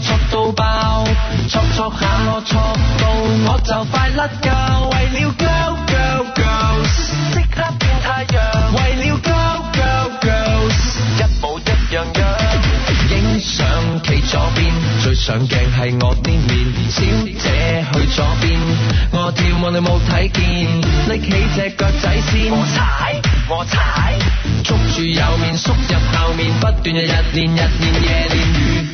挫到爆，挫挫下我挫到，我就快甩臼。為了 Go Go Girls 即刻變太陽，為了 Go Go Girls 一模一模樣樣。影相企左邊，最上鏡係我啲面，小姐去左邊，我跳舞你冇睇見，拎起隻腳仔先。我踩我踩，捉住右面，縮入後面，不斷日日練，日練夜練。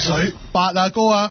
水八阿哥啊！